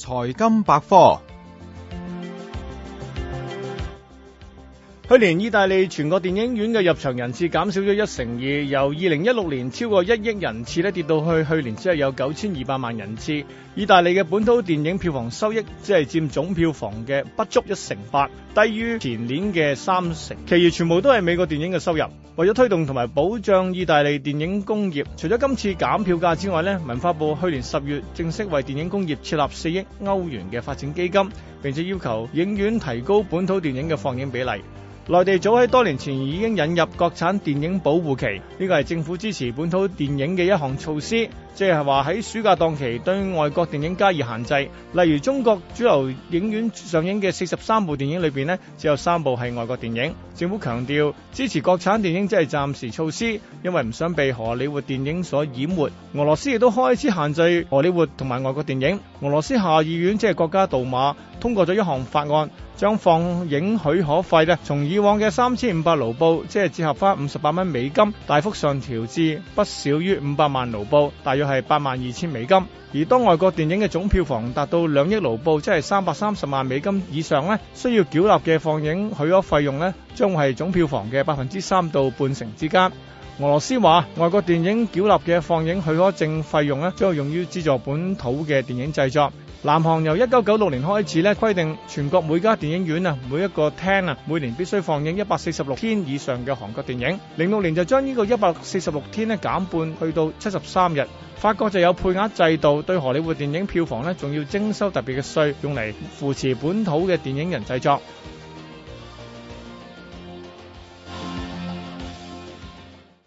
財金百科，去年意大利全國電影院嘅入場人次減少咗一成二，由二零一六年超過一億人次咧跌到去去年只係有九千二百萬人次。意大利嘅本土電影票房收益只係占總票房嘅不足一成八，低於前年嘅三成，其餘全部都係美國電影嘅收入。為咗推動同埋保障意大利電影工業，除咗今次減票價之外，咧文化部去年十月正式為電影工業設立四億歐元嘅發展基金，並且要求影院提高本土電影嘅放映比例。內地早喺多年前已經引入國產電影保護期，呢個係政府支持本土電影嘅一項措施，即係話喺暑假檔期對外國電影加以限制。例如中國主流影院上映嘅四十三部電影裏邊呢，只有三部係外國電影。政府強調支持國產電影，即係暫時措施，因為唔想被荷里活電影所淹沒。俄羅斯亦都開始限制荷里活同埋外國電影。俄羅斯下議院即係國家杜馬通過咗一項法案。將放映許可費咧，從以往嘅三千五百盧布，即係折合翻五十八蚊美金，大幅上調至不少於五百萬盧布，大約係八萬二千美金。而當外國電影嘅總票房達到兩億盧布，即係三百三十萬美金以上咧，需要繳納嘅放映許可費用咧，將會係總票房嘅百分之三到半成之間。俄羅斯話，外國電影繳納嘅放映許可證費用咧，將用於資助本土嘅電影製作。南韓由一九九六年開始咧，規定全國每家電影院啊，每一個廳啊，每年必須放映一百四十六天以上嘅韓國電影。零六年就將呢個一百四十六天咧減半，去到七十三日。法國就有配額制度，對荷里活電影票房咧，仲要徵收特別嘅稅，用嚟扶持本土嘅電影人製作。